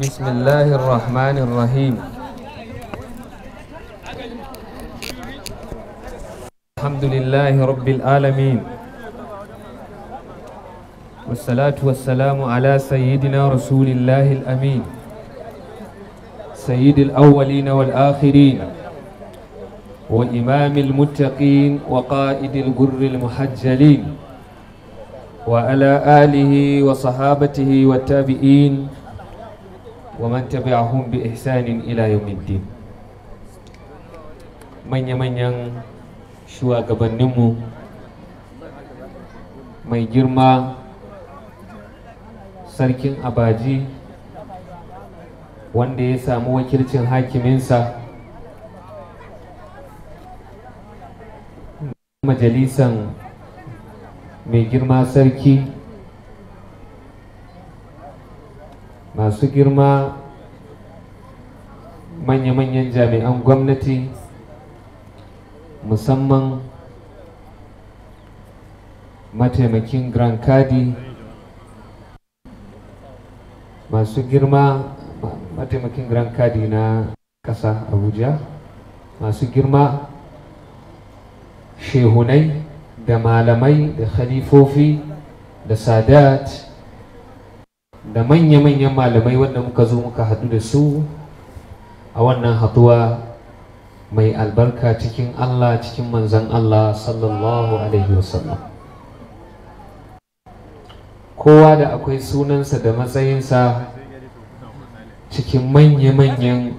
بسم الله الرحمن الرحيم الحمد لله رب العالمين والصلاة والسلام على سيدنا رسول الله الأمين سيد الأولين والآخرين وإمام المتقين وقائد الجر المحجلين وعلى آله وصحابته والتابعين ومن تبعهم بإحسان إلى يوم الدين من يمن ين شوى قبل قبنمو mai girma sarkin abaji wanda ya samu wakilcin hakiminsa majalisan mai girma sarki masu girma manya-manyan jami'an gwamnati musamman mataimakin grand kadi masu girma mataimakin grand kadi na kasa abuja masu girma shehunai da malamai da khalifofi da sadat da manya-manyan malamai wanda muka zo muka hadu da su a wannan haduwa mai albarka cikin Allah cikin manzan Allah sallallahu alaihi wasallam kowa da akwai sunansa da matsayinsa cikin manya-manyan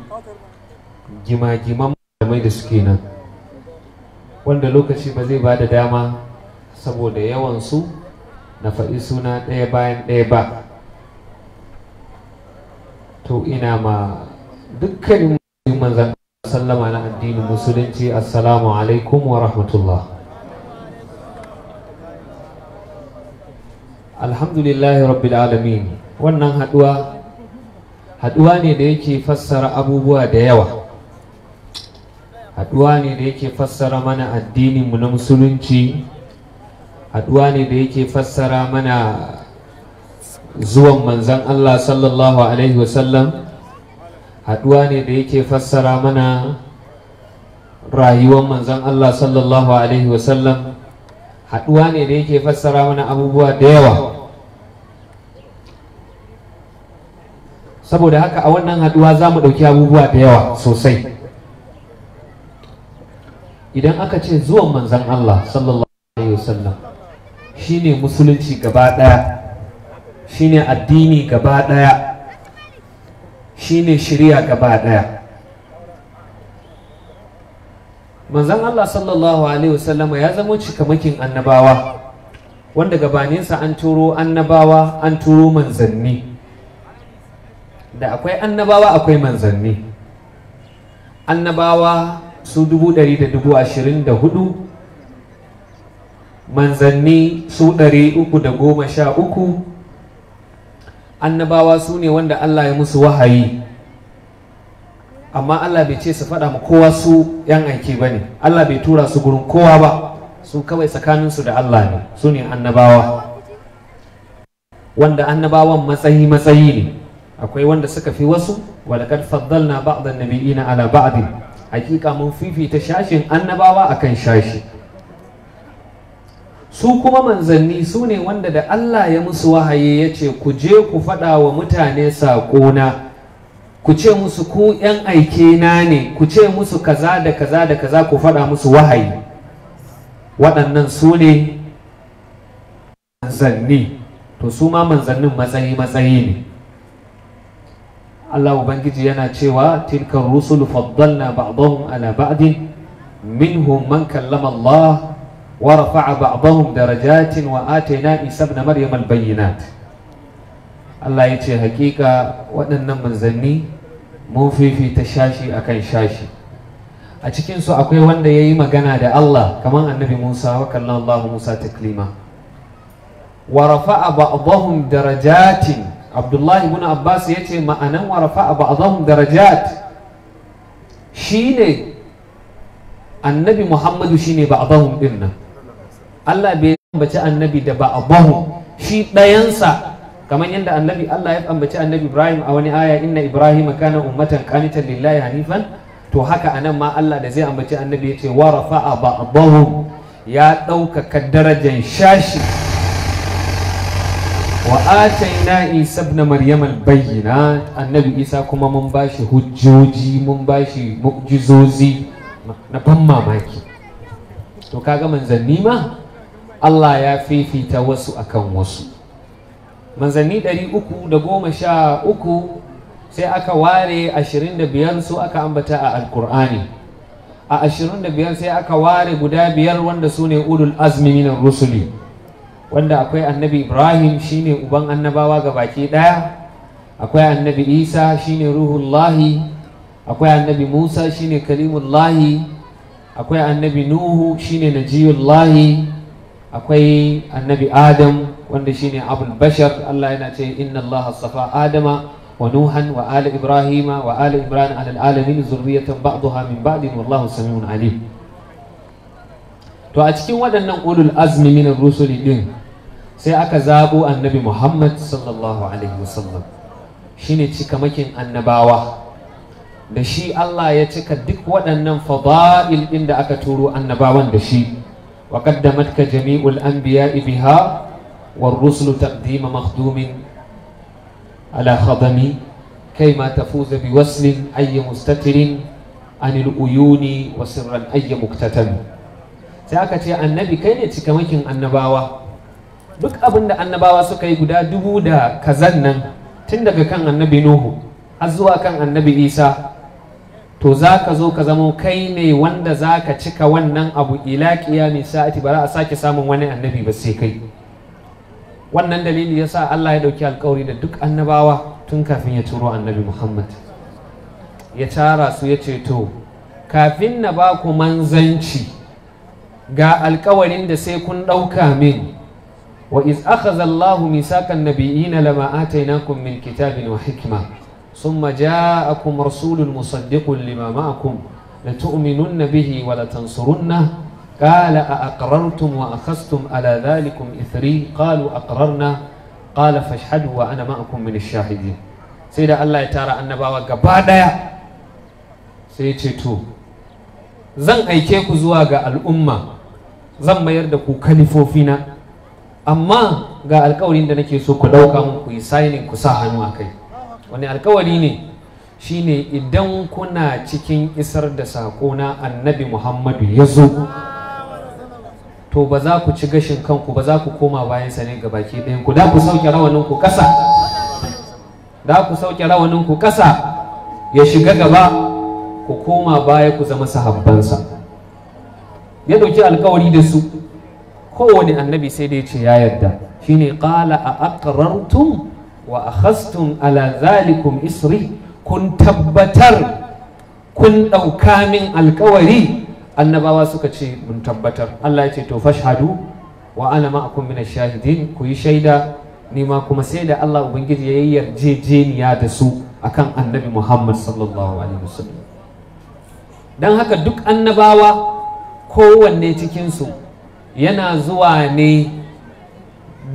gima-giman malamai da suke nan wanda lokaci ba zai ba da dama saboda yawansu na faɗi suna ɗaya bayan ɗaya ba to ina ma dukkanin manzan sallama na addinin musulunci assalamu alaikum wa rahmatullah alhamdulillahi rabbil alamin wannan haɗuwa haɗuwa ne da yake fassara abubuwa da yawa Haduwa ne da yake fassara mana addininmu na musulunci haduwa ne da yake fassara mana zuwan manzan Allah sallallahu Alaihi wasallam haduwa ne da yake fassara mana rayuwar manzan Allah sallallahu Alaihi wasallam haduwa ne da yake fassara mana abubuwa da yawa saboda haka a wannan haduwa za mu ɗauki abubuwa da yawa sosai idan aka ce zuwan manzan Allah sallallahu alaihi wasallam shine musulunci gaba daya shine addini gaba daya shine shari'a gaba daya manzan Allah sallallahu alaihi sallam ya zama cikamakin annabawa wanda gabaninsa an turo annabawa an turo manzanni da akwai annabawa akwai manzanni annabawa su dubu ɗari da dubu ashirin da hudu manzanni su ɗari uku da goma sha uku annabawa su ne wanda Allah ya musu wahayi amma Allah bai ce su faɗa mu kowa su yan aiki ba ne Allah bai tura su gurin kowa ba su kawai tsakaninsu da Allah ne su ne annabawa wanda annabawan matsayi matsayi ne akwai wanda suka fi wasu walakad faddalna ba'dan nabiyina ala ba'din hakika mun fifita shashin annabawa a kan shashi su kuma manzanni su ne wanda da Allah ya musu wahayi ya ce ku je ku faɗa wa mutane saƙona ku ce musu ku ‘yan aike na ne ku ce musu kaza da kaza da kaza ku faɗa musu wahayi waɗannan su ne manzanni to su ma manzannin matsayi matsayi ne Allah ubangiji yana cewa tilkar rusul faddalna ba'dahum ala ba'din minhum man kallama Allah wa rafa'a ba'dahum darajatin wa atayna Isa ibn Maryam al-bayyinat Allah ya ce hakika waɗannan manzanni mun fifita shashi akan shashi a cikinsu akwai wanda ya yi magana da Allah kamar annabi Musa wa kallon Allah Musa taklima wa rafa'a ba'dahum darajatin abdullahi ibn abbas ya ce ma'anan warafa a ba'adhum darajat shine annabi muhammadu shine ba'adhum din nan Allah bai ambaci annabi da ba'adhum shi ɗayansa kamar yadda annabi Allah ya ambaci annabi Ibrahim a wani aya inna Ibrahim kana ummatan qanitan lillahi hanifan to haka anan ma Allah da zai ambaci annabi ya ce warafa rafa'a ya ɗaukaka darajar shashi wa ataina isa ibn maryam bayyina annabi isa kuma mun bashi hujjoji mun bashi mu'jizozi na ban mamaki to kaga manzanni ma Allah ya fifita wasu akan wasu manzanni 313 sai aka ware 25 su aka ambata a alkur'ani a 25 sai aka ware guda biyar wanda sune ulul azmi minar rusuli wanda akwai annabi ibrahim shine uban annabawa ga baki ɗaya akwai annabi isa shine ruhullahi akwai annabi musa shine kalimullahi akwai annabi nuhu shine najiyullahi akwai annabi adam wanda shine abul bashar allah yana ce inna allah safa adama wa nuhan wa ala ibrahima wa ali ibrahim ala alamin zurriyatan ba'daha min ba'din wallahu samiun alim to a cikin waɗannan ulul azmi min rusuli din sai aka zabo annabi muhammad sallallahu alaihi wasallam shine cikamakin annabawa da shi Allah ya cika duk waɗannan fada'il ɗin da aka turo annabawan da shi wa qaddamatka jami'ul anbiya'i biha war rusul taqdima makhdumin ala khadami kayma tafuza bi waslin ayy mustatirin anil uyuni wa sirran ayy muktatam sai aka ce annabi kai ne cikamakin annabawa duk abin da annabawa suka yi guda dubu da kazan nan tun daga kan annabi nuhu har zuwa kan annabi isa to za ka zo ka zamo kai ne wanda za ka cika wannan abu ila kiyami sa'ati ba za a sake samun wani annabi ba sai kai wannan dalili yasa Allah ya dauki alkawari da duk annabawa tun kafin ya turo annabi Muhammad ya tara su ya ce to kafin na ba ku manzanci ga alkawarin da sai kun ɗauka min وإذ أخذ الله ميثاق النبيين لما آتيناكم من كتاب وحكمة ثم جاءكم رسول مصدق لما معكم لتؤمنن به ولتنصرنه قال أأقررتم وأخذتم على ذلكم إثري قالوا أقررنا قال فاشهدوا وأنا معكم من الشاهدين سيدة الله يتارى النبوة قبادة سيتشتو زن أيكيكو زواغ الأمة زن ما يردكو فينا amma ga alkawarin da nake so ku ɗauka ku yi signing ku sa hannu a kai wani alkawari ne shine idan kuna cikin isar da sako na annabi muhammadu ya zo to ba za ku ci gashin kanku ba za ku koma bayansa ne ga baki ɗayan ku da ku sauke rawanin ku ƙasa da ku sauke rawanin ku ƙasa ya shiga gaba ku koma baya ku zama sahabbansa ya ɗauki alkawari da su kowane annabi sai dai ce ya yarda shine ƙala a aqrartum wa akhastum ala zalikum isri kun tabbatar kun ɗauka min alkawari annabawa suka ce mun tabbatar Allah ya ce to fashhadu wa ana ma'akum min shahidin ku yi shaida ni ma kuma sai da Allah ubangiji ya yi yarjejeniya da su A kan annabi Muhammad sallallahu alaihi wasallam dan haka duk annabawa kowanne cikinsu. yana zuwa ne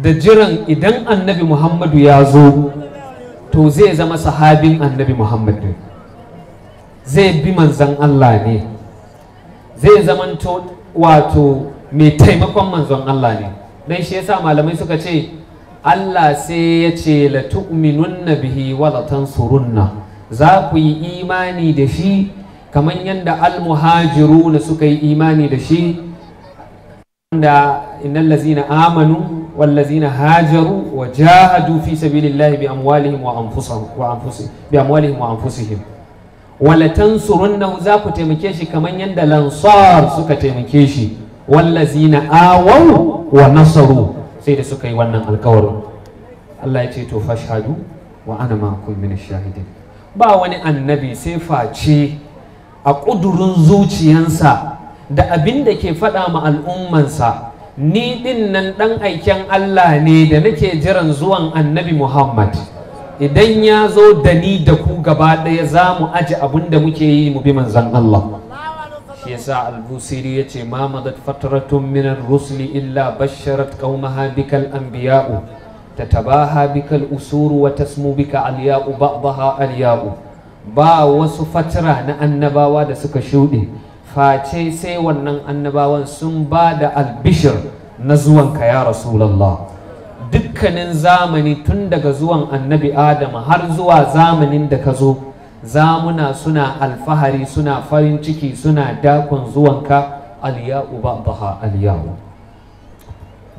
da jiran idan annabi muhammadu ya zo to zai zama sahabin annabi muhammadu zai bi manzan allah ne zai zamanto wato mai taimakon manzon allah ne don shi yasa malamai suka ce allah sai ya ce la tu'minunna bihi wa la tansurunna za ku yi imani da shi kamar yadda almuhajiruna suka yi imani da shi da "Lazi lazina amanu wal na hajaru wa jahadu fi sabilillahi bi amwalihim wa anfusihim wa anfusihim bi amwalihim wa anfusihim wala za ku taimake shi kamar yadda lansar suka taimake shi wallazina awau wa nasaru sai da suka yi wannan alkawarin Allah ya ce to fashhadu wa ana ma'akum min shahidin ba wani annabi sai face a ƙudurin zuciyansa da abin da ke faɗa ma al'ummansa ni ɗin nan ɗan aiken Allah ne da nake jiran zuwan annabi Muhammad idan ya zo da ni da ku gaba ɗaya za mu aji abin da muke yi mu bi manzan Allah shi yasa al-busiri ya ce ma madat fatratun min rusuli illa basharat qaumaha bikal anbiya'u tatabaha bikal usuru wa tasmu bika alya'u ba'daha alya'u ba wasu fatara na annabawa da suka shuɗe face sai wannan annabawan sun ba da albishir na zuwanka ya rasulallah dukkanin zamani tun daga zuwan annabi adam har zuwa zamanin da ka zo zamuna suna alfahari suna farin ciki suna dakon zuwanka ba ba'daha aliyahu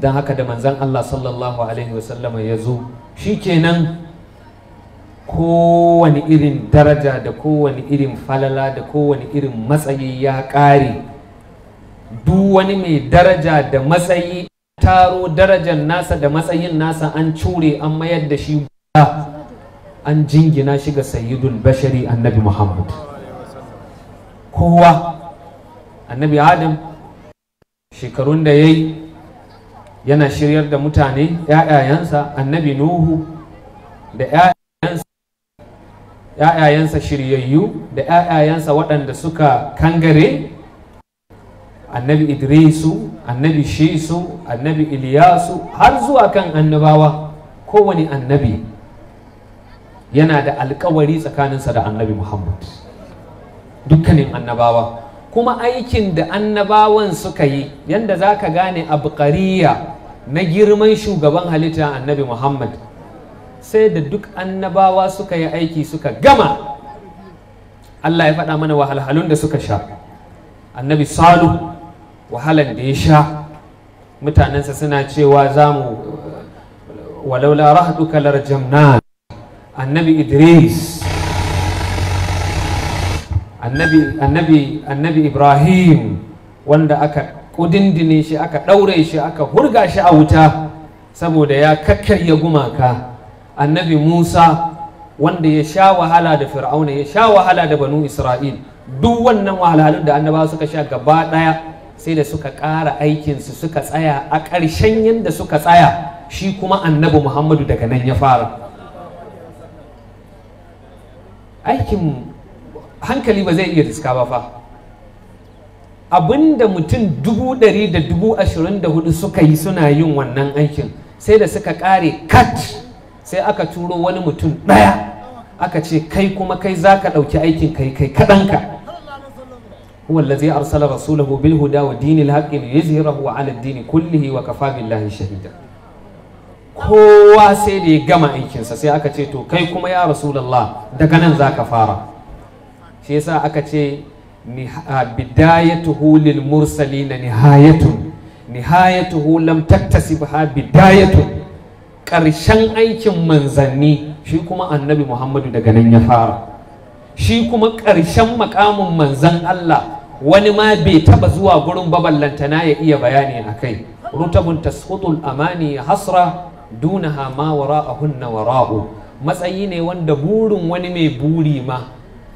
don haka da manzan allah sallallahu alaihi wasallama ya zo shi kenan kowane irin daraja da kowane irin falala da kowane irin matsayi ya ƙare duk wani mai daraja da matsayi taro darajar nasa da matsayin nasa an cure an mayar da shi guda an jingina shi ga sayyidul bashari annabi muhammad kowa annabi adam shekarun da ya yi yana shiryar da mutane yayayansa annabi nuhu da 'ya'yayansa yayayansa shiryayyu da yayayansa waɗanda suka kangare annabi idrisu annabi shisu annabi iliyasu har zuwa kan annabawa kowane annabi yana da alkawari tsakaninsa da annabi muhammad dukkanin annabawa kuma aikin da annabawan suka yi yadda za ka gane abu na girman shugaban halitta annabi muhammad sai da duk annabawa suka yi aiki suka gama Allah ya faɗa mana wahalhalun da suka sha annabi salu wahalan da ya sha mutanensa suna cewa za mu walaula kalar jamna annabi idris annabi ibrahim wanda aka ƙudindine shi aka ɗaure shi aka hurga shi a wuta saboda ya kakkarya gumaka annabi musa wanda ya sha wahala da fir'auna ya sha wahala da banu isra'il duk wannan wahalhalun da annaba suka sha gaba daya sai da suka ƙara aikinsu suka tsaya a ƙarshen yadda suka tsaya shi kuma annabi muhammadu daga nan ya fara aikin hankali ba zai iya riska ba fa abinda mutum dubu dari da dubu ashirin da hudu suka yi suna yin wannan aikin sai da suka ƙare kat sai aka turo wani mutum ɗaya aka ce kai kuma kai za ka ɗauki aikin kai kai kaɗanka huwa zai arsala rasulahu bil huda wa dinil haqqi li yuzhirahu ala ad-dini kullihi wa kafa billahi shahida kowa sai da ya gama aikinsa sai aka ce to kai kuma ya rasulullah daga nan za ka fara shi yasa aka ce bidayatuhu lil mursalin nihayatun nihayatuhu lam taktasibha bidayatun ƙarshen aikin manzanni shi kuma annabi muhammadu daga nan ya fara shi kuma ƙarshen makamin manzan Allah wani ma bai taba zuwa gurin na ya iya bayani a kai rutabun taskutul amani ya hasra dunaha a hunna wara'u matsayi ne wanda burin wani mai buri ma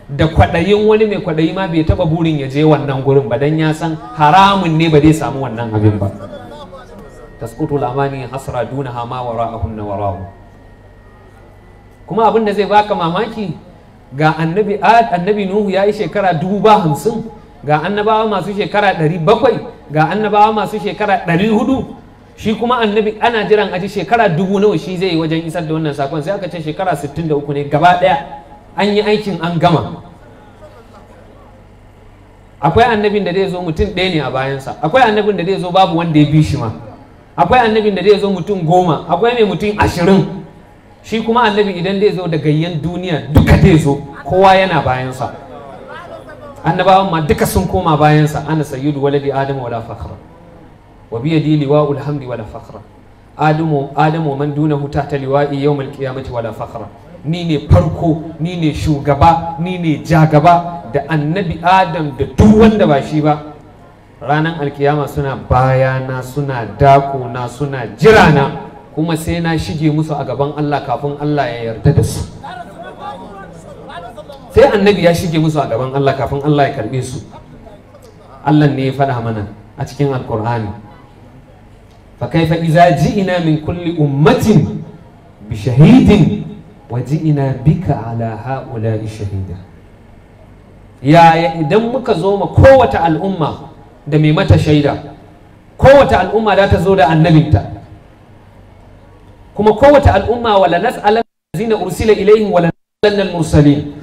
da kwaɗayin wani mai kwaɗayi ma bai taba burin ya je wannan gurin ba dan ya san haramun ne ba zai samu wannan abin ba tasqutu al-amani hasra dunaha ma wara'ahun warahu kuma abin da zai baka mamaki ga annabi ad annabi nuhu yi shekara dubu ba hamsin ga annabawa masu shekara ɗari bakwai ga annabawa masu shekara ɗari hudu shi kuma annabi ana jiran aji shekara dubu nawa shi zai yi wajen isar da wannan sakon sai aka ce shekara 63 ne gaba ɗaya an yi aikin an gama akwai annabin da zai zo mutum ɗaya ne a bayansa akwai annabin da zai zo babu wanda ya bi shi ma akwai annabin da zai zo mutum goma akwai mai mutum ashirin shi kuma annabi idan zai zo da gayyan duniya duka zai zo kowa yana bayansa annabawan ma duka sun koma bayansa ana sayyidu waladi adamu wala fakhra wa biyadi liwa'ul hamdi wala fakhra adamu adamu man dunahu tahta liwa'i yawmal qiyamati wala fakhra ni ne farko ni ne shugaba ni ne jagaba da annabi adam da duk wanda ba shi ba ranar alkiyama suna bayana suna dakona suna jirana kuma sai na shige musu a gaban Allah kafin Allah ya yarda da su sai annabi ya shige musu a gaban Allah kafin Allah ya karbe su Allah ne ya faɗa mana a cikin alkur'ani fa kaifa iza ji'ina min kulli ummatin bi shahidin wa ji'ina bika ala ha'ula'i shahida yaya idan muka zo ma kowace al'umma da mai mata shaida kowace al'umma za ta zo da annabinta kuma kowace al'umma wala nas'alan zina ursila ilaihim wala nas'alan mursalin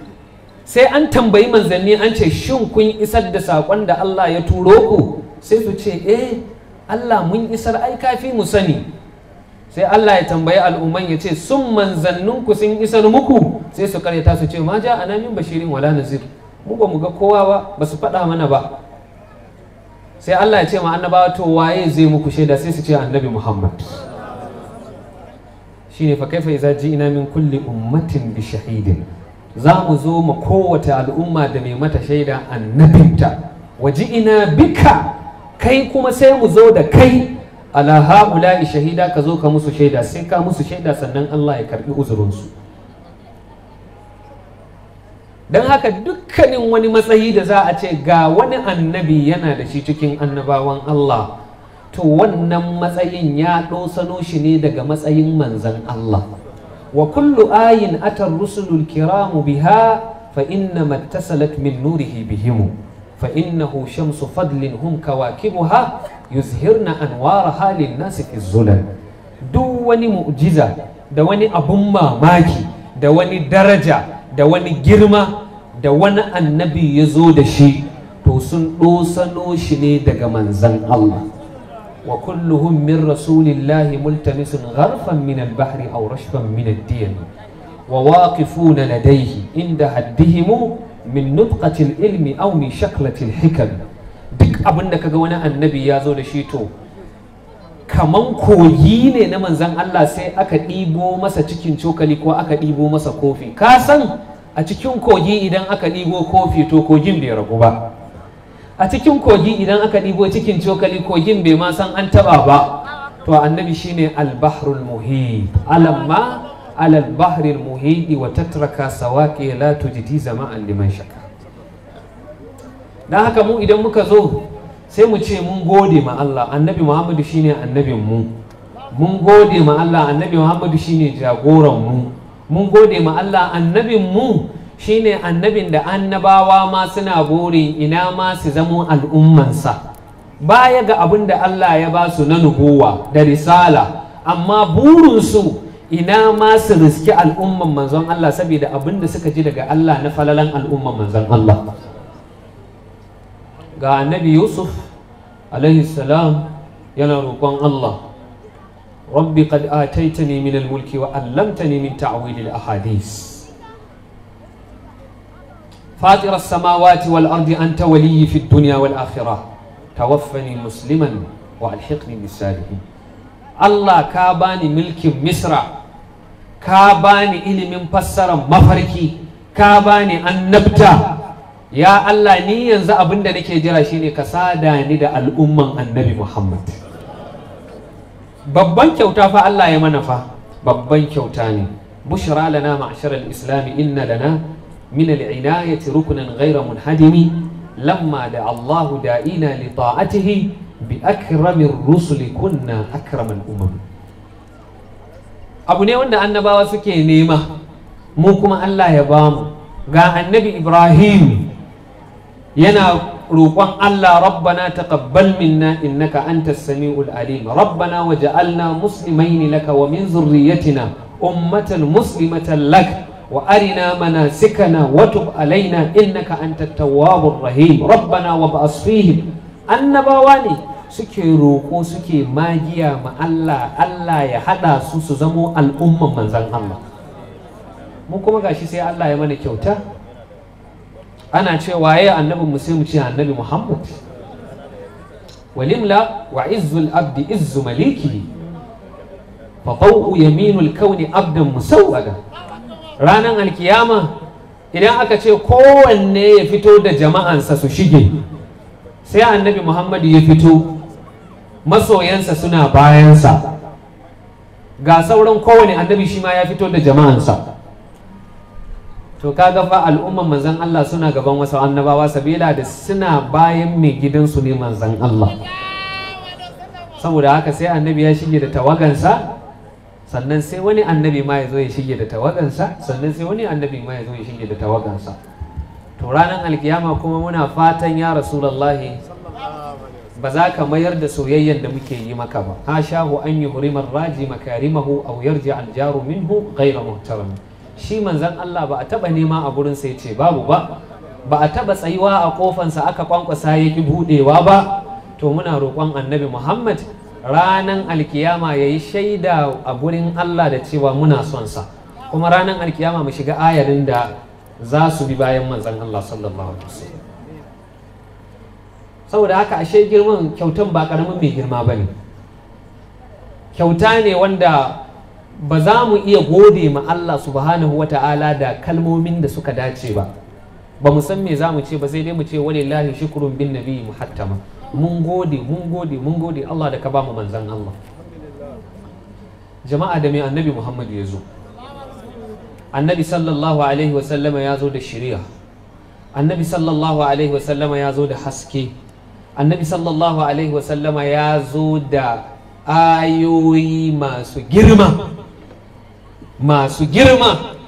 sai an tambayi manzanni an ce shin kun isar da sakon da Allah ya turo ku sai su ce eh Allah mun isar ai kafi mu sani sai Allah ya tambayi al'umman ya ce sun ku sun isar muku sai su karyata su ce ma ja ana min bashirin wala nazir mu ba mu ga kowa ba ba su faɗa mana ba sai Allah ya ce ma annabawa to waye zai muku shaida sai su ce annabi Muhammad shine fa kaifa idza ji'na min kulli ummatin bi shahidin za mu zo ma kowace al'umma da mai mata shaida annabinta wa ji'ina bika kai kuma sai mu zo da kai ala ha'ula shahida ka zo ka musu shaida sai ka musu shaida sannan Allah ya karbi uzurinsu don haka dukkanin wani matsayi da za a ce ga wani annabi yana da shi cikin annabawan Allah to wannan matsayin ya ɗosano shi ne daga matsayin manzan Allah wa kullu ayin atar rusulul kiramu biha fa inna mattasalat min nurihi bihimu fa innahu shamsu fadlin hum kawakibuha yuzhirna anwara halin nasi fi zulal duk wani mu'jiza da wani abun mamaki da wani daraja da wani girma da wani annabi ya zo da shi to sun ɗosano shi ne daga manzan Allah wa kulluhum min rasulillahi multamisun gharfan min al-bahri aw rashfan min ad-diyan wa waqifuna ladayhi inda haddihimu min nutqati al-ilmi aw min shaklati al-hikam duk abinda kaga wani annabi ya zo da shi to kaman kogi ne na manzan Allah sai aka ɗibo masa cikin cokali ko aka ɗibo masa kofi ka san a cikin kogi idan aka ɗibo kofi to kogin bai ragu ba a cikin kogi idan aka ɗibo cikin cokali kogin bai ma san an taɓa ba to annabi shine albahrul muhi alamma alal bahril muhidi wa tatraka latu la tujdi zama'an liman shaka dan haka mu idan muka zo sai mu ce mun gode ma Allah annabi Muhammadu shine annabin mu mun gode ma Allah annabi Muhammadu shine jagoran mu mun gode ma Allah annabin mu shine annabin da annabawa ma suna bore ina ma su zamo al'ummansa baya ga abin da Allah ya ba su na nubuwa da risala amma burinsu ina ma su riski al'umman manzon Allah saboda abin da suka ji daga Allah na falalan al'umman manzon Allah ga annabi yusuf alaihi salam yana roƙon allah rabbi qad ataitani min al-mulki wa allamtani min ta'wil al-ahadith فاطر السماوات والأرض أنت ولي في الدنيا والآخرة توفني مسلما وألحقني بالصالحين الله كاباني ملك مصر كاباني إلي من فسر مفركي كاباني النبتة ya Allah ni yanzu abin da nake jira shine ka sada ni da al'umman annabi Muhammad babban kyauta fa Allah ya mana fa babban kyauta ne bushra lana ma'shar al-islam inna lana min al-inayati ruknan ghayra munhadimi lamma da Allahu da'ina li ta'atihi bi akramin rusuli kunna akraman umam abu ne wanda annabawa suke nema mu kuma Allah ya bamu ga annabi Ibrahim yana roƙon Allah rabbana taqabbal minna innaka antas samiul alim rabbana waj'alna muslimaini laka wa min zurriyyatina ummatan muslimatan lak wa arina manasikana wa tub alaina innaka antat tawwabur rahim rabbana wa ba'as fihim annabawa ne suke roƙo suke magiya ma Allah Allah ya hada su su zamo al'umman manzon Allah mu kuma gashi sai Allah ya mana kyauta ana cewa ya annabin mu sai mu ce annabi muhammad walimla wa izzul abdi izzu maliki fa bau'u yaminul kauni abdan musawwada Ranan alkiyama idan aka ce kowanne ya fito da jama'ansa su shige sai annabi muhammad ya fito masoyansa suna bayansa ga sauran kowane annabi shi ma ya fito da jama'ansa to kaga fa al'umman manzon Allah suna gaban wasu annabawa sabila da suna bayan mai gidansu ne manzon Allah saboda haka sai annabi ya shige da tawagansa sannan sai wani annabi ma ya zo ya shige da tawagansa sannan sai wani annabi ma ya zo ya shige da tawagansa to ranar alkiyama kuma muna fatan ya rasulullahi ba za ka mayar da soyayyen da muke yi maka ba ha shahu an yi hurimar raji makarimahu aw yarji aljaru minhu ghayra muhtaram shi manzan Allah ba a taɓa nema a gurin sai ce babu ba ba a taɓa tsayuwa a kofansa aka kwankwasa yaki buɗewa ba to muna roƙon annabi Muhammad ranan alkiyama yayi shaida a gurin Allah da cewa muna son sa kuma ranan alkiyama mu shiga ayarin da za su bi bayan manzan Allah sallallahu alaihi wasallam saboda haka ashe girman kyautan ba karamin mai girma bane kyauta ne wanda ba za mu iya gode ma Allah subhanahu wa ta'ala da kalmomin da suka dace ba ba mu san me za mu ce ba sai dai mu ce walillahi shukrun bin nabi muhattama mun gode mun gode mun gode Allah da ka ba mu manzon Allah jama'a da mai annabi Muhammad ya zo annabi sallallahu alaihi wa sallama ya zo da shari'a annabi sallallahu alaihi wa sallama ya zo da haske annabi sallallahu alaihi wa sallama ya zo da ayoyi masu girma masu girma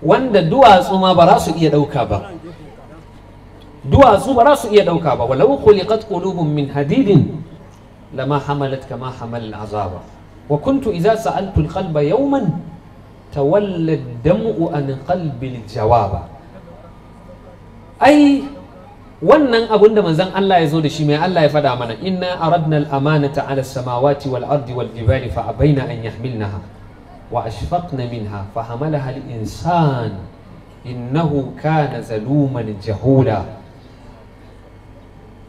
wanda duwatsu ma ba su iya ɗauka ba duwatsu ba su iya ɗauka ba walau khuliqat qulubun min hadidin lama hamalat kama hamal azaba wa kuntu idza sa'altu al-qalba yawman tawalla ad-dam'u an qalbi al-jawaba ai wannan abun da manzon Allah ya zo da shi mai Allah ya fada mana inna aradna al-amanata ala samawati wal ardi wal jibali fa abaina an yahmilnaha wa ashfaqna minha fa hamalaha al-insan innahu kana zaluman jahula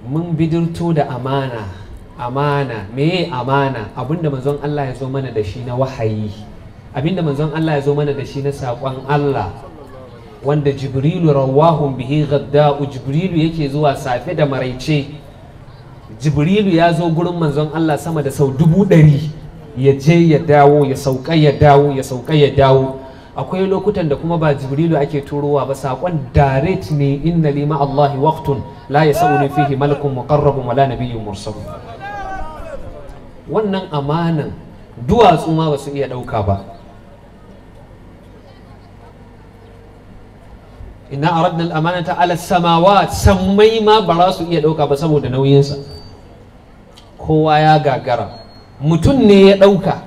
mun bidirto da amana amana meye amana abinda manzon Allah ya zo mana da shi na wahayi abinda manzon Allah ya zo mana da shi na sakon Allah wanda jibrilu rawahun bihi gadda, jibrilu yake zuwa safe da maraice jibrilu ya zo gurin manzon Allah sama da sau dubu ɗari ya je ya dawo ya sauka ya dawo ya sauka ya dawo akwai lokutan da kuma ba jibrilu ake turowa ba saƙon direct ne inna lima Allahi waqtun la yasawuni fihi malakun muqarrabun wala nabiyyun mursal wannan amanan duwatsu ma ba su iya ɗauka ba inna aradna al-amanata ala samawa sammai ma ba za su iya ɗauka ba saboda nauyinsa kowa ya gagara mutum ne ya ɗauka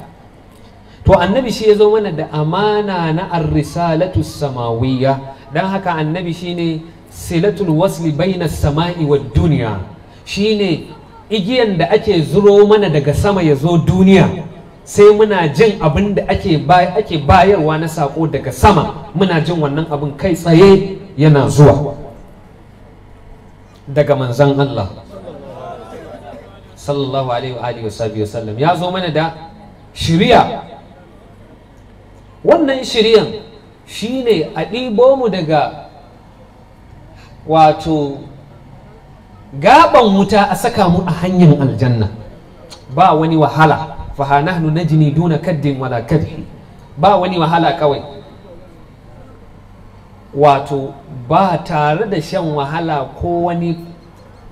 to annabi shi ya zo mana da amana na ar-risalatu samawiyya dan haka annabi shine silatul wasli baina samai wa duniya shine igiyan da ake zuro mana daga sama ya zo duniya sai muna jin abin da ake bayarwa na sako daga sama muna jin wannan abin kai tsaye yana zuwa daga manzan Allah sallallahu alaihi wa sallam ya zo mana da shirya wannan shiriyan shine a ɗibo mu daga wato gaban wuta a saka mu a hanyar aljanna ba wani wahala fahanahnu ha najni duna kaddin wala kadhi ba wani wahala kawai wato ba tare da shan wahala ko wani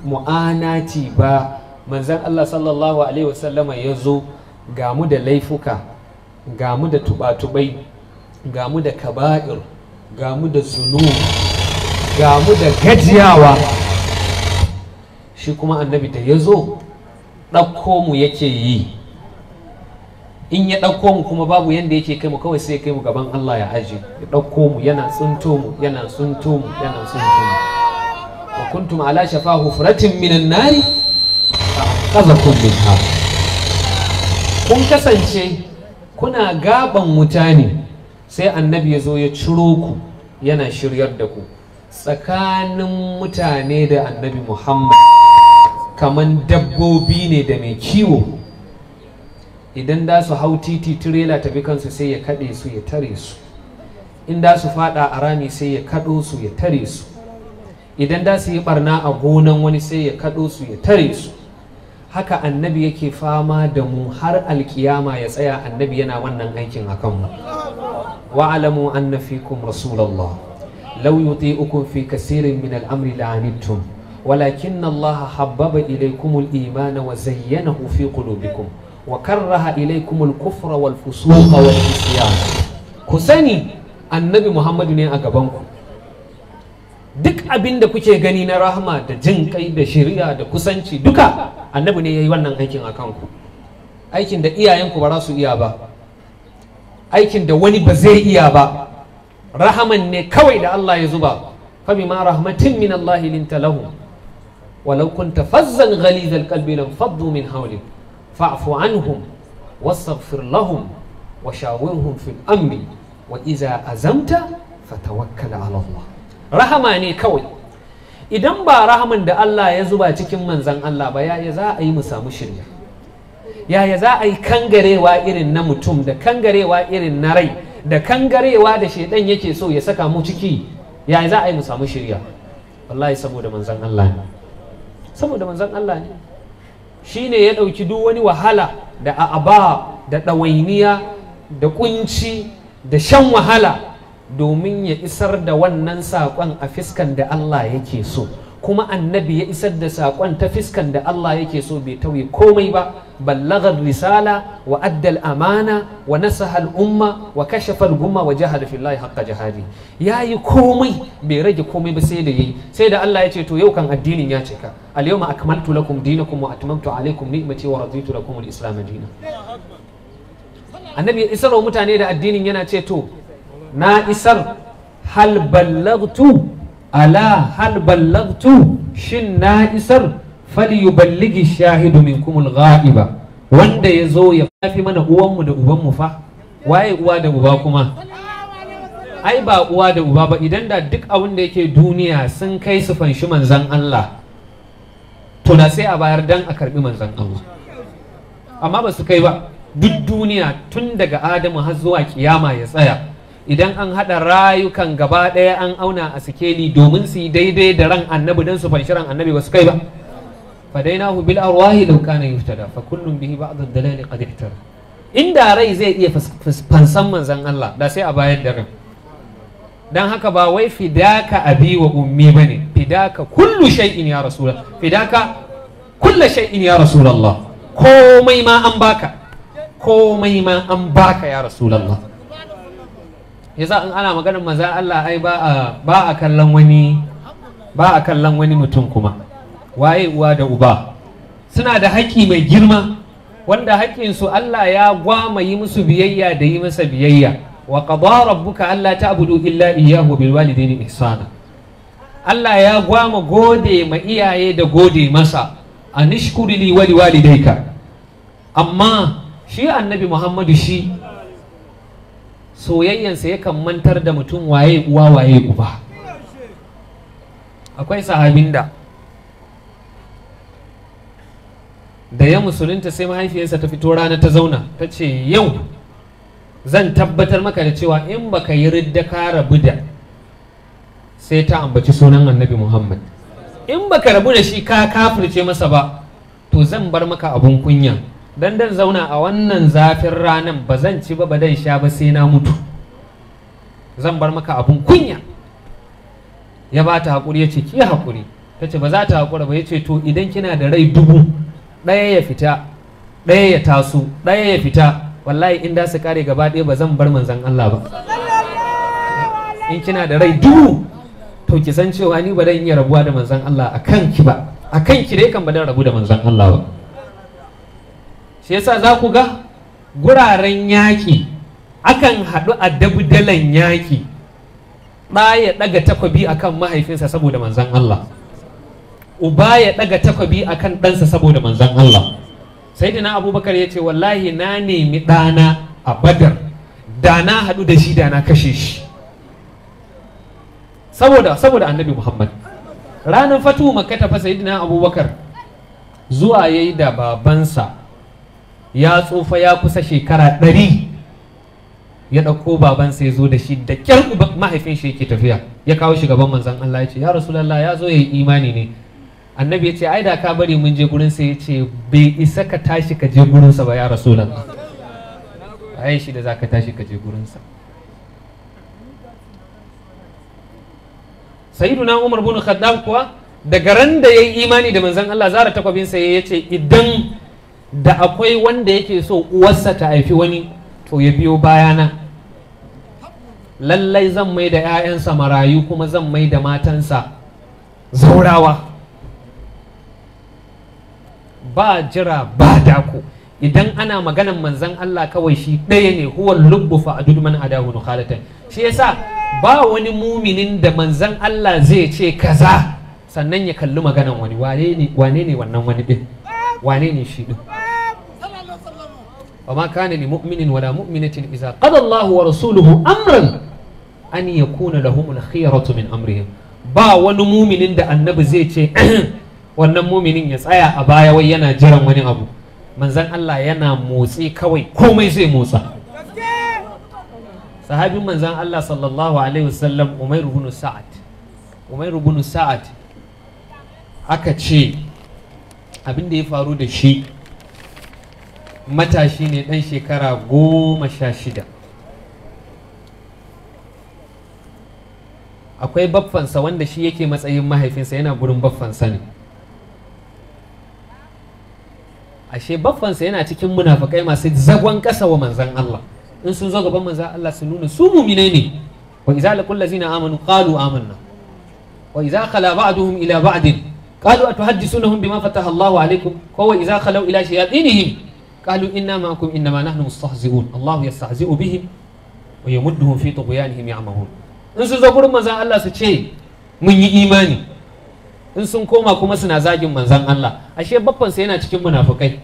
mu'anaci ba manzan Allah sallallahu alaihi wasallama ya zo ga mu da laifuka ga mu da tubatubai ga mu da kaba'ir ga mu da zunu ga mu da gajiyawa shi kuma annabi da ya zo ɗauko mu yake yi in ya ɗauko mu kuma babu yanda yake kai mu kawai sai kai mu gaban Allah ya aje ya ɗauko mu yana tsunto mu yana tsunto mu yana tsunto mu wa kuntum ala shafa hufratin minan nari qadhakum ha kun kasance kuna gaban wuta ne sai annabi ya zo ya ciro ku yana shiryar da ku tsakanin mutane da annabi Muhammad kaman dabbobi ne da mai kiwo idan da su hau titi tirela ta kansu sai ya kaɗe su ya tare su in da su faɗa a rami sai ya kaɗo su ya tare su idan da su yi barna a gonan wani sai ya kaɗo su ya tare su haka annabi yake fama da mu har alkiyama ya tsaya annabi yana wannan aikin a kanmu wa'alamu anna fikum rasulallah law yuti'ukum fi kasirin min al'amri la'anittum walakinna allaha habbaba ilaykumul imana wa zayyanahu fi qulubikum wa karraha ilaikum al-kufra wal fusuqa wal isyan ku sani annabi muhammadu ne a gaban ku duk abin da kuke gani na rahama da jin kai da shari'a da kusanci duka annabi ne yayi wannan aikin akan ku aikin da iyayenku ba za su iya ba aikin da wani ba zai iya ba rahaman ne kawai da Allah ya zuba fa bima rahmatin min Allah linta lahum walau kunta fazzan ghalizal qalbi lam faddu min hawlik fa'fu anhum wastaghfir lahum wa shawirhum fil amri wa iza azamta fatawakkal ala Allah rahama ne kawai idan ba rahaman da Allah ya zuba cikin manzan Allah ba yaya za a yi mu samu shirya yaya za a yi kangarewa irin na mutum da kangarewa irin na rai da kangarewa da shaidan yake so ya saka mu ciki yaya za a yi mu samu shirya wallahi saboda manzan Allah ne saboda manzan Allah ne Shi ne ya ɗauki duk wani wahala da a'aba da ɗawainiya da ƙunci da shan wahala domin ya isar da wannan saƙon a fiskan da Allah yake so kuma annabi ya isar da saƙon ta fiskan da Allah yake so bai tauye komai ba ballagar risala wa addal amana wa nasaha al'umma wa kashafa al'umma wa jahada fillahi haqqa jihadi yayi komai bai rage komai ba sai da yayi sai da Allah ya ce to yau kan addinin ya cika al yawma akmaltu lakum dinakum wa atmamtu alaykum ni'mati wa raditu lakum al islam dinan annabi ya isar wa mutane da addinin yana ce to na isar hal ballagtu ala hal ballagtu shin na isar falyuballigi shahidu minkumul ba. wanda ya zo ya fi mana uwanmu da ubanmu fa waye uwa da uba kuma ai ba uwa da uba ba idan da duk abin da yake duniya sun kai su fanshi manzan Allah to da sai a bayar dan a karbi manzan Allah amma ba su kai ba duk duniya tun daga Adamu har zuwa kiyama ya tsaya idan an haɗa rayukan gaba ɗaya an auna a sikeli domin su yi daidai da ran annabi don su fanshi ran annabi ba su kai ba na hubil arwahi law kana yuftada fa kullun bihi ba'd ad-dalal qad ihtara inda rai zai iya fansan manzon Allah da sai a bayan da ran dan haka ba wai fidaka abi wa ummi bane fidaka kullu shay'in ya rasulullah fidaka kullu shay'in ya rasulullah komai ma an baka komai ma an baka ya rasulullah yasa in ana maganar maza Allah ai ba a ba a kallon wani ba a kallon wani mutum kuma waye uwa da uba suna da haƙƙi mai girma wanda haƙƙinsu Allah ya gwama yi musu biyayya da yi masa biyayya wa qada rabbuka alla ta'budu illa iyyahu bil walidayni ihsana Allah ya gwama gode ma iyaye da gode masa anishkuri li wa walidayka amma shi annabi Muhammadu shi soyayyansa yakan mantar da mutum waye uwa waye uba akwai sahabin da da ya musulunta sai mahaifiyarsa ta fito rana ta zauna ta ce yau zan tabbatar maka da cewa in baka yi ridda ka rabu da sai ta ambaci sunan annabi muhammad in baka rabu da shi ka kafirce masa ba to zan bar maka abun kunya dan dan zauna a wannan zafin ranan ba zan ci ba ba dan sha ba sai na mutu zan bar maka abun kunya ya ba ta haƙuri ya ce ki haƙuri ta ce ba za ta haƙura ba ya ce to idan kina da rai dubu ɗaya ya fita ɗaya ya taso ɗaya ya fita wallahi in da su kare gaba ɗaya ba zan bar manzan Allah ba in kina da rai dubu to ki san cewa ni ba zan iya rabuwa da manzan Allah a kan ki ba a kan ki dai kan ba dan rabu da manzan Allah ba shi yasa za ku ga guraren yaƙi akan haɗu a dabdalan yaƙi ɗa ya ɗaga takwabi kan mahaifinsa saboda manzan Allah uba ya ɗaga takwabi kan ɗansa saboda manzan Allah sai na abubakar ya ce wallahi na nemi ɗana a badar da na haɗu da shi da na kashe shi saboda saboda annabi muhammad ranar fatu makka ta fa abubakar zuwa ya yi da babansa ya tsufa ya kusa shekara ɗari ya ɗauko babansa ya zo da shi da kyar mahaifin shi yake tafiya ya kawo shi gaban manzan Allah ya ce ya lalla ya zo ya yi imani ne annabi ya ce ai da ka bari mun je gurin sa ya ce bai isa ka tashi ka je gurin sa ba ya rasulullah ai shi da zaka tashi ka je gurin sa sayyiduna Umar bin Khattab kuwa daga ran da yayi imani da manzan Allah zara takwabin sa ya ce idan da akwai wanda yake so uwarsa ta haifi wani to ya biyo bayana lallai zan mai da 'ya'yansa marayu kuma zan mai da matansa zaurawa ba jira ba dako idan ana maganan manzan Allah kawai shi ɗaya ne huwa lubbu fa adudman adahu nukhalatan shi yasa ba wani muminin da manzan Allah zai ce kaza sannan ya kalli maganan wani wane ne wannan wani din wane ne shi din wa ma kana mu'minin wala mu'minatin idza qada Allah wa rasuluhu amran an yakuna lahum al-khiyaratu min amrihim ba wani muminin da annabi zai ce wannan muminin ya tsaya a baya wai yana jiran wani abu manzon Allah yana motsi kawai komai zai motsa sahabin manzan Allah sallallahu alaihi wasallam Umairu bin Sa'ad Umairu bin Sa'ad aka ce abin da ya faru da shi matashi ne ɗan shekara goma sha shida akwai baffansa wanda shi yake matsayin mahaifinsa yana gurin baffansa ne ashe baffansa yana cikin munafakai masu zagon ƙasa wa manzan Allah in sun zo gaban manzan Allah su nuna su mumine ne wa iza laqul ladzina amanu qalu amanna wa iza khala ba'duhum ila ba'din qalu atuhaddisunahum bima fataha Allahu alaikum ko wa iza khalu ila shayatinihim قالوا إنا معكم إنما نحن مستهزئون الله يستهزئ بهم ويمدهم في طغيانهم يعمهون in su zo gurin manzan Allah su ce mun yi imani in sun koma kuma suna zagin manzan Allah ashe baffansa yana cikin munafukai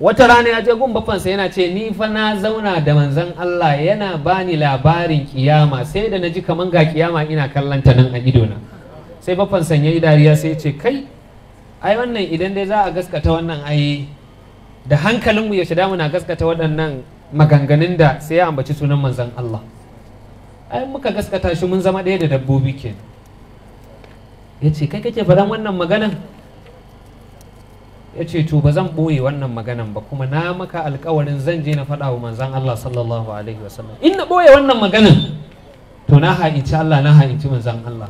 wata rana ya je gun bafansa yana ce ni fa na zauna da manzan Allah yana bani labarin kiyama sai da na ji kaman ga kiyama ina kallon ta nan a idona sai baffansa ya dariya sai ce kai ai wannan idan dai za a gaskata wannan ai da hankalinmu yaushe da muna gaskata waɗannan maganganun da sai ya ambaci sunan manzon Allah ai muka gaskata shi mun zama ɗaya da dabbobi ke ya ce kai kake faɗan wannan maganan ya ce to ba zan ɓoye wannan maganan ba kuma na maka alkawarin zan je na faɗa wa manzon Allah sallallahu alaihi wasallam in na ɓoye wannan maganan to na haƙinci Allah na haƙinci manzon Allah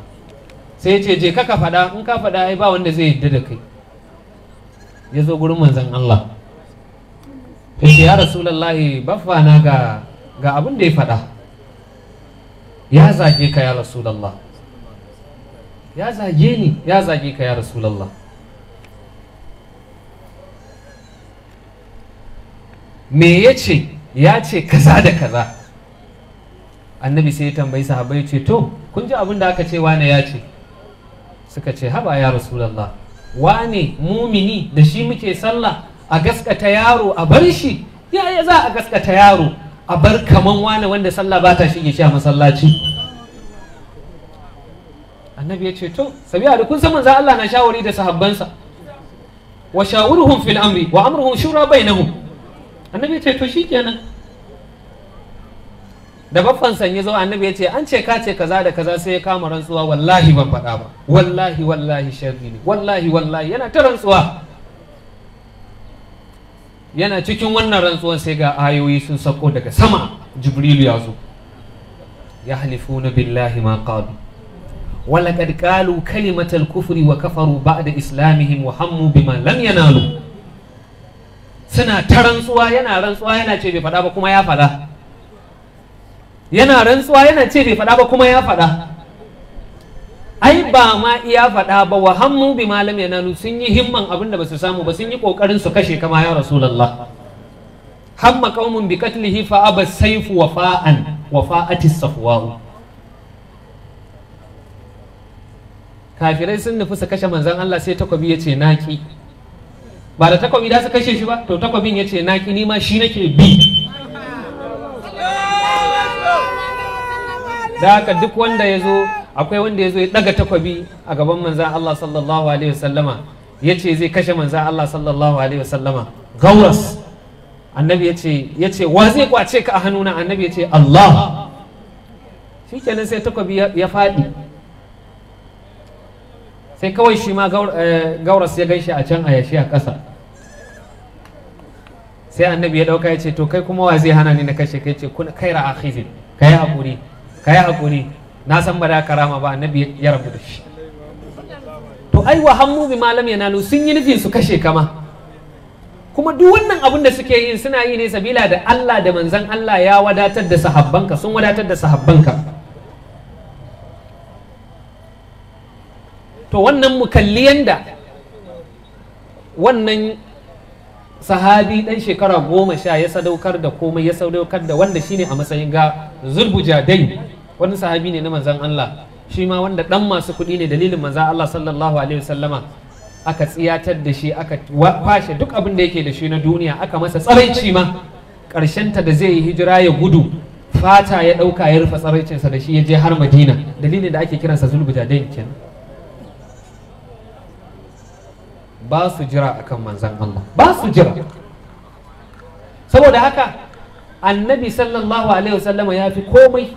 sai ya ce je kaka faɗa in ka faɗa ai ba wanda zai yarda da kai ya zo gurin manzon Allah ya ce ya rasulallahi baffana ga ga abin da ya faɗa ya zage ka ya rasulallah ya zage ni ya zage ka ya rasulallah me ya ce ya ce kaza da kaza annabi sai ya tambayi sahabai ce to kun ji abin da aka ce wane ya ce suka ce haba ya rasulallah wane mumini da shi muke sallah a gaskata yaro a bar shi ya za a gaskata yaro a bar kaman wani wanda sallah ba ta shige shi a masallaci annabi ya ce to sabiya da kun san za Allah na shawari da sahabbansa wa shawuruhum fil amri wa amruhum shura bainahum annabi ya ce to shikenan da baffan ya zo annabi ya ce an ce ka ce kaza da kaza sai ya kama rantsuwa wallahi ban faɗa ba wallahi wallahi sharri ne wallahi wallahi yana ta rantsuwa yana cikin wannan rantsuwan sai ga ayoyi sun sako daga sama jibrilu ya zo ya halifu na billahi ma qalu ولقد قالوا كلمة الكفر وكفروا بعد إسلامهم وهموا بما لم ينالوا suna ta rantsuwa yana rantsuwa yana ce bai faɗa ba kuma ya faɗa yana rantsuwa yana ce bai faɗa ba kuma ya faɗa ai ba ma iya faɗa ba wa hammu bi malam nanu sun yi himman abin da ba su samu ba sun yi ƙoƙarin su kashe kama ya rasulullah hamma qaumun bi qatlihi fa aba sayfu wafa'an wafa'atis safwa kafirai sun nufi su kashe manzon Allah sai takobi yace naki ba da takobi da su kashe shi ba to takobin yace naki ni ma shi nake bi da haka duk wanda ya zo akwai wanda ya zo ya daga takwabi a gaban manzan Allah sallallahu alaihi wasallama ya ce zai kashe manzan Allah sallallahu alaihi wasallama gauras annabi ya ce ya ce wa zai kwace ka a hannuna annabi ya ce Allah shi kenan sai takwabi ya faɗi sai kawai shi ma eh, gauras ya shi a can a yashi a ƙasa sai annabi ya ɗauka ya ce to kai kuma wa zai hana ni na kashe kai ce kai ra'a khizin kai haƙuri kai haƙuri na san ba da karama ba annabi ya rabu da shi to ai wa hammu bi malam yanalu sun yi nufin su kashe kama kuma duk wannan abin da suke yi suna yi ne sabila da Allah da manzan Allah ya wadatar da sahabbanka sun wadatar da sahabbanka to wannan mukalliyan da wannan sahabi dan shekara goma sha ya sadaukar da komai ya sadaukar da wanda shine a matsayin ga zulbujadai wani sahabi ne na manzan Allah shi ma wanda dan masu kuɗi ne dalilin manzan Allah sallallahu alaihi wasallama aka tsiyatar da shi aka fashe duk abin da yake da shi na duniya aka masa tsaraici ma ta da zai yi hijira ya gudu fata ya ɗauka ya rufe tsaraicinsa da shi ya je har madina dalilin da ake kiransa zulbujadain kenan ba su jira akan manzan Allah ba su jira saboda haka annabi sallallahu alaihi wasallama ya fi komai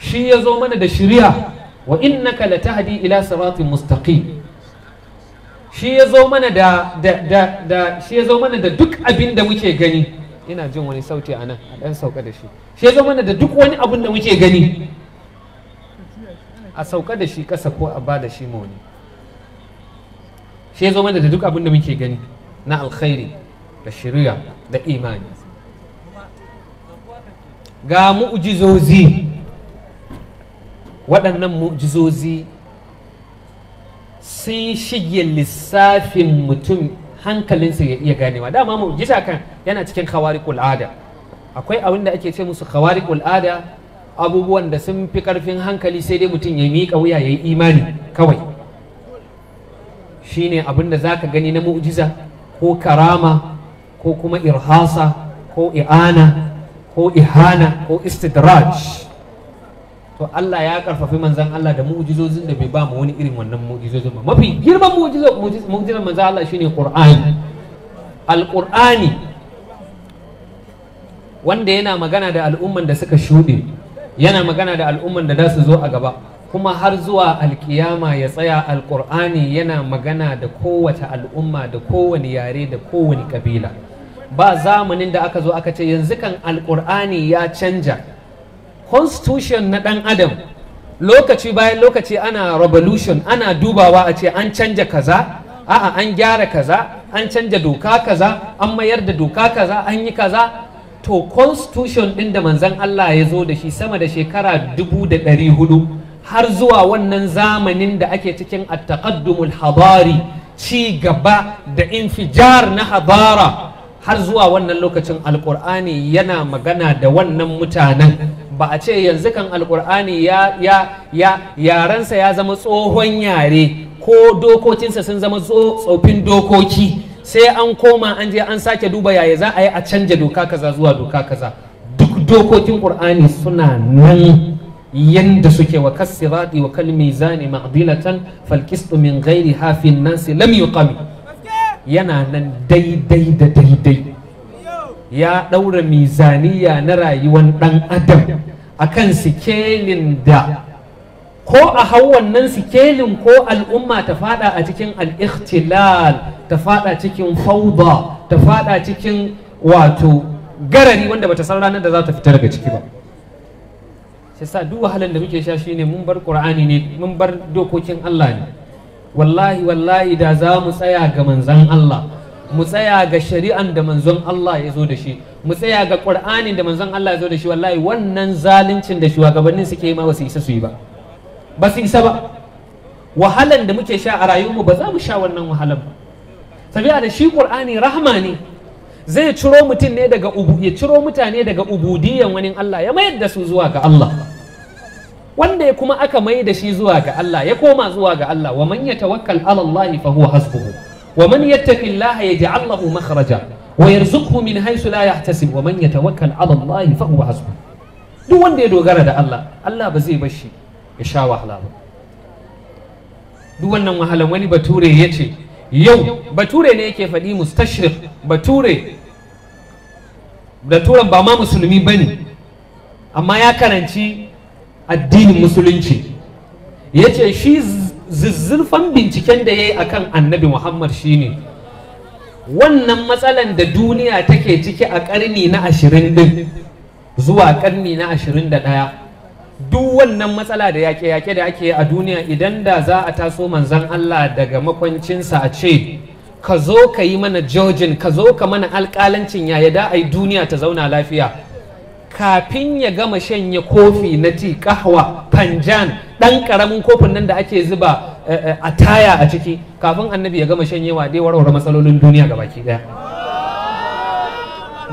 shi ya zo mana da shirya wa innaka latahdi ila siratin mustaqim shi ya zo mana da da da shi ya zo mana da duk abin da muke gani ina jin wani sauti a nan a dan sauka da shi shi ya zo mana da duk wani abin da muke gani a sauka da shi kasa ko a ba da shi mawani shi ya zo mana da duk abin da muke gani na alkhairi da shirya da imani ga mu'ujizozi waɗannan mu'jizozi sun shige lissafin mutum hankalinsa ya iya ganewa dama mu'jiza kan yana cikin khawariqul ada akwai abin da ake ce musu khawariqul ada abubuwan da sun fi karfin hankali sai dai mutum ya miƙa wuya ya yi imani kawai shine abin da za ka gani na mu'jiza ko karama ko kuma irhasa ko i'ana ko ihana ko istidraj to Allah ya karfafi manzan Allah da mu'jizozin da bai ba mu wani irin wannan mu'jizozin ba mafi girman mu'jizan manzan Allah shine Qur'ani Al-Qur'ani wanda yana magana da al'umman da suka shuɗe yana magana da al'umman da za su zo a gaba kuma har zuwa alkiyama ya tsaya alqur'ani yana magana da kowace al'umma da kowane yare da kowane kabila ba zamanin da aka zo aka ce yanzu kan alqur'ani ya canja constitution na ɗan adam lokaci bayan lokaci ana revolution ana dubawa a ce an canja kaza a'a an gyara kaza an canja doka kaza an mayar da doka kaza an yi kaza to constitution ɗin da manzan Allah ya zo da shi sama da shekara dubu da ɗari hudu har zuwa wannan zamanin da ake cikin attaqaddumul habari ci gaba da infijar na habara har zuwa wannan lokacin alkur'ani yana magana da wannan mutanen ba a ce yanzu kan alkur'ani ya ya ya yarensa ya zama tsohon yare ko dokokinsa sun zama tsofin dokoki sai an koma an je an sake duba yaya za a yi a canja doka kaza zuwa doka kaza duk dokokin qur'ani suna nan yanda suke wa kasirati wa kalmi mizani ma'dilatan falkistu min ghairi hafin nasi lam yuqami yana nan daidai da daidai ya ɗaura mizaniya na rayuwan ɗan adam kan sikelin da ko a hau wannan sikelin ko al'umma ta fada a cikin al'ikhtilal ta fada cikin fauda ta fada cikin wato garari wanda bata san ranar da za ta fita daga ciki ba sai sa duk wahalar da muke sha shi ne mun bar qur'ani ne mun bar dokokin Allah ne wallahi wallahi da za mu tsaya ga manzan Allah mu tsaya ga shari'an da manzon Allah ya zo da shi mu tsaya ga qur'anin da manzon Allah ya zo da shi wallahi wannan zaluncin da shugabannin suke yi ma ba su isa su yi ba ba su isa ba wahalan da muke sha a rayuwarmu ba za mu sha wannan wahalan ba sabiya da shi qur'ani rahma ne zai ciro mutum ne daga ubu ya ciro mutane daga ubudiyan wani Allah ya mayar da su zuwa ga Allah wanda ya kuma aka mai da shi zuwa ga Allah ya koma zuwa ga Allah wa man yatawakkal ala Allah fa huwa hasbuhu wa man yattaqillaha yaj'al lahu makhraja wa yarzuqhu min haythu la yahtasib wa man yatawakkal 'ala Allah duk wanda ya dogara da Allah Allah ba zai bar shi ya sha wahala ba duk wannan wahalan wani bature ya ce yau bature ne yake faɗi mustashriq bature baturen ba ma musulmi ba ne amma ya karanci addinin musulunci ya ce shi zuzzurfan binciken da ya yi akan annabi muhammad shine wannan matsalan da duniya take ciki a ƙarni na ashirin din zuwa ƙarni na ashirin da ɗaya duk wannan matsala da yaƙe yake da ake yi a duniya idan da za a taso manzan allah daga makwancinsa a ce ka zo ka yi mana jojin ka zo ka mana alƙalancin yaya da a yi duniya ta zauna lafiya kafin ya gama shanye kofi na ti kahwa panjan ɗan karamin kofin nan da ake zuba eh, eh, a taya a ciki kafin annabi ya gama shanyewa dai warware matsalolin duniya ga baki daya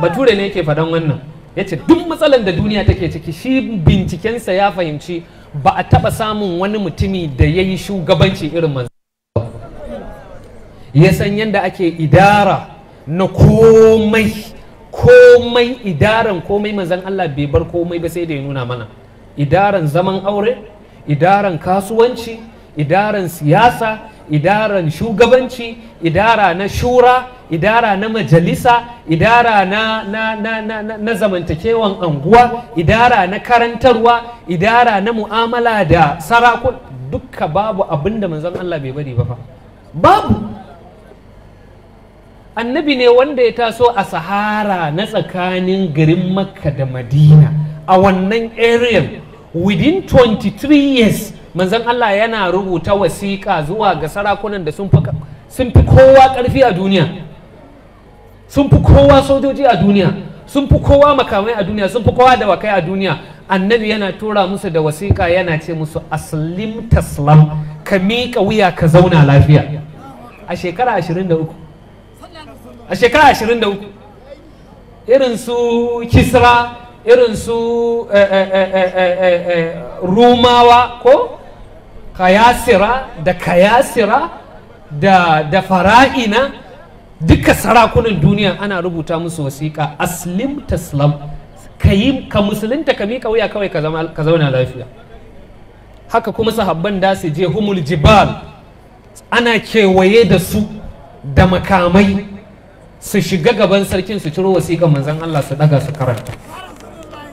bature ne yake faɗan wannan ya ce duk matsalar da duniya take ciki shi bincikensa ya fahimci ba a taɓa samun wani mutumi da ya yi shugabanci irin manzo ya san yadda ake idara na komai komai idaran komai manzan Allah bai bar komai ba sai da ya nuna mana idaran zaman aure idaran kasuwanci idaran siyasa idaran shugabanci idara na shura idara na majalisa idara na, na, na, na, na, zamantakewan anguwa idara na karantarwa idara na mu'amala da sarakun duka babu abinda manzon Allah bai bari ba fa babu annabi ne wanda ya taso a sahara na tsakanin garin makka da madina a wannan area within 23 years manzon Allah yana rubuta wasiƙa zuwa ga sarakunan da sun fi kowa ƙarfi a duniya sun fi kowa sojoji a duniya sun fi kowa makamai a duniya sun fi kowa wakai a duniya annabi yana tura musu da wasiƙa yana ce musu aslim taslam ka miƙa wuya ka zauna lafiya a shekara 23 a shekara 23 irin su kisra irin su eh, eh, eh, rumawa ko kayasira da kayasira da, da fara'ina duka sarakunan duniya ana rubuta musu wasiƙa aslim taslam ka yi ka musulunta ka mika wuya kawai ka zauna lafiya haka kuma sahabban da su je humul jibal ana kewaye da su da makamai su shiga gaban sarkin su ciro wasiƙan manzon Allah su daga su karanta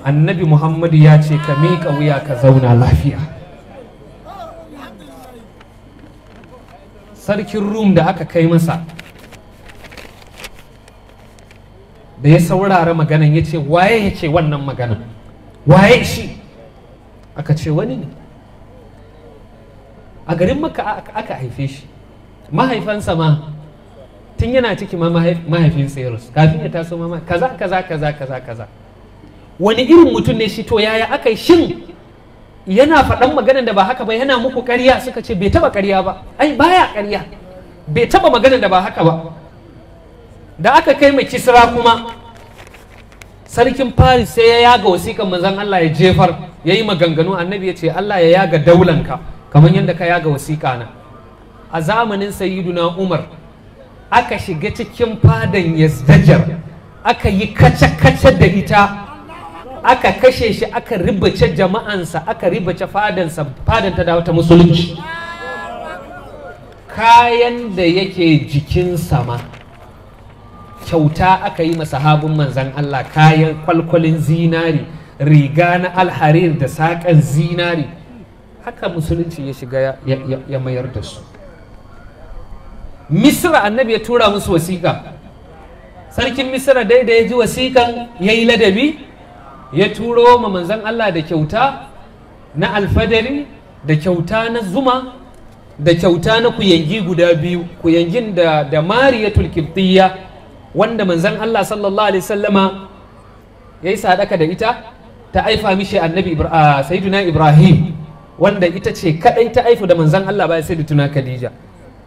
annabi Muhammadu ya ce ka miƙa wuya ka zauna lafiya sarkin rum da aka kai masa da ya saurara maganan ya ce waye ya ce wannan maganan waye shi aka ce wani ne a garin maka aka haife shi mahaifansa ma tun yana ciki ma mahaifinsa ya rasu kafin ya taso ma kaza kaza kaza kaza kaza wani irin mutum ne shi to yaya aka yi shin yana faɗan maganar da ba haka ba yana muku ƙarya suka ce bai taɓa ƙarya ba ai baya ƙarya bai taɓa maganar da ba haka ba da aka kai mai kisra kuma sarkin paris sai ya yaga wasiƙar manzon allah ya jefar ya yi maganganu annabi ya ce allah ya yaga daulanka kamar yadda ka yaga wasiƙa na a zamanin sayyiduna umar aka shiga cikin fadan yazdajar aka yi kace-kace da ita aka kashe shi aka ribace jama'ansa aka ribace fadansa fadan ta dawo ta musulunci kayan da yake jikin sama kyauta aka yi masahabin manzan Allah kayan kwalkwalin zinari riga na alharir da saƙan zinari haka musulunci ya shiga ya mayar da su misra annabi ya tura musu wasiƙa sarkin misra dai da ya ji wasiƙan ya yi ladabi ya turo ma manzan allah da kyauta na alfadari da kyauta na zuma da kyauta na kuyangi guda biyu kuyangin da da mariyatul kibtiyya wanda manzan allah sallallahu alaihi sallama ya yi sadaka da ita ta aifa mishi annabi sayyiduna ibrahim wanda ita ce kadai ta aifu da manzan allah sai da tuna khadija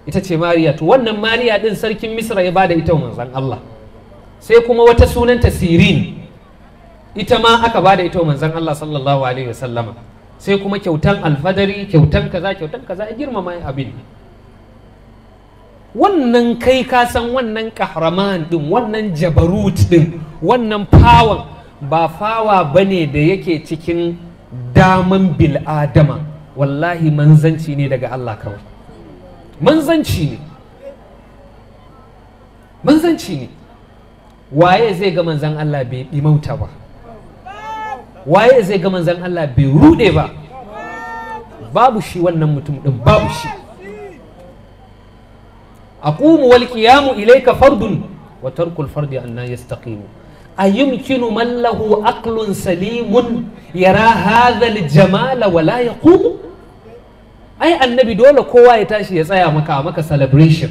ita ce mariya to wannan mariya din sarkin misra ya bada ita manzan Allah sai kuma wata sunanta sirin ita ma aka bada ita manzan Allah sallallahu alaihi wasallama sai kuma kyautan alfadari kyautan kaza kyautan kaza a girmama abin wannan kai ka san wannan kahraman din wannan jabarut din wannan fawa ba fawa bane da yake cikin daman bil'adama wallahi manzanci ne daga Allah kawai manzanci ne manzanci ne waye zai ga manzan Allah bai imauta ba waye zai ga manzan Allah bai rude ba babu shi wannan mutum din babu shi aqumu wal qiyamu ilayka fardun wa tarkul fardi anna yastaqimu أيمكن من له عقل سليم يرى هذا الجمال ولا يقوم ai annabi dole kowa ya tashi ya tsaya maka maka celebration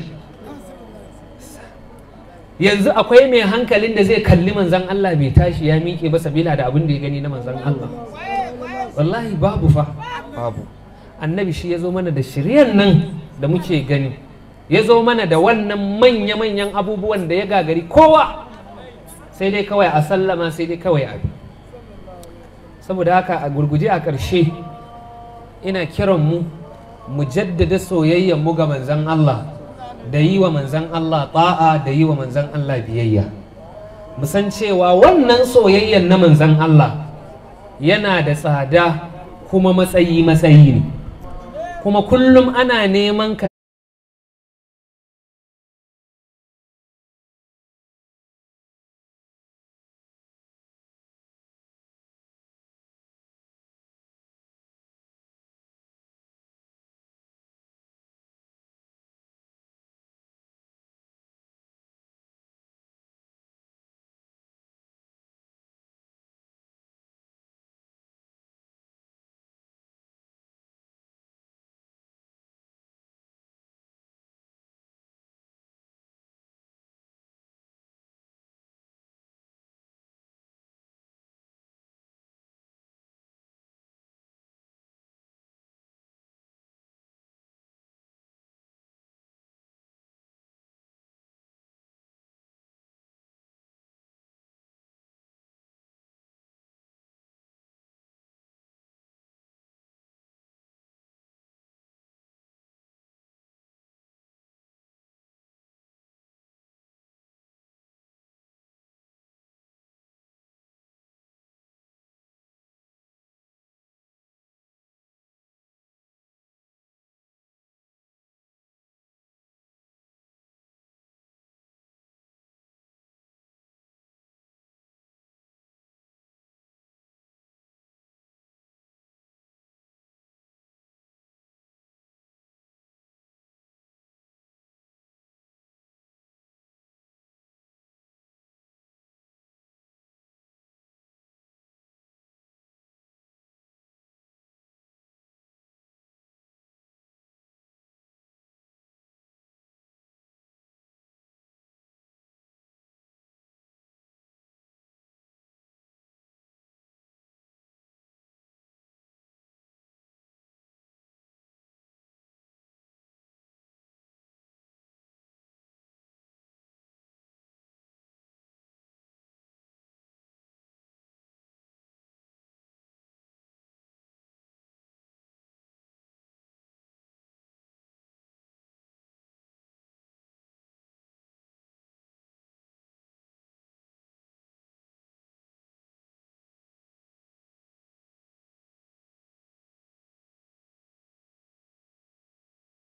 yanzu akwai mai hankalin da zai kalli manzan Allah bai tashi ya miƙe ba sabila da abin da ya gani na manzan Allah wallahi babu fa babu annabi shi ya zo mana da shiryan nan da muke gani ya zo mana da wannan manya-manyan abubuwan da ya gagari kowa sai dai kawai a sallama sai dai kawai abi saboda haka a gurguje a ƙarshe ina kiran mu mu jaddada soyayyar mu ga manzan Allah da yi wa manzan Allah ta'a da yi wa manzan Allah biyayya mu san cewa wannan soyayyar na manzan Allah yana da tsada kuma matsayi matsayi ne kuma kullum ana neman ka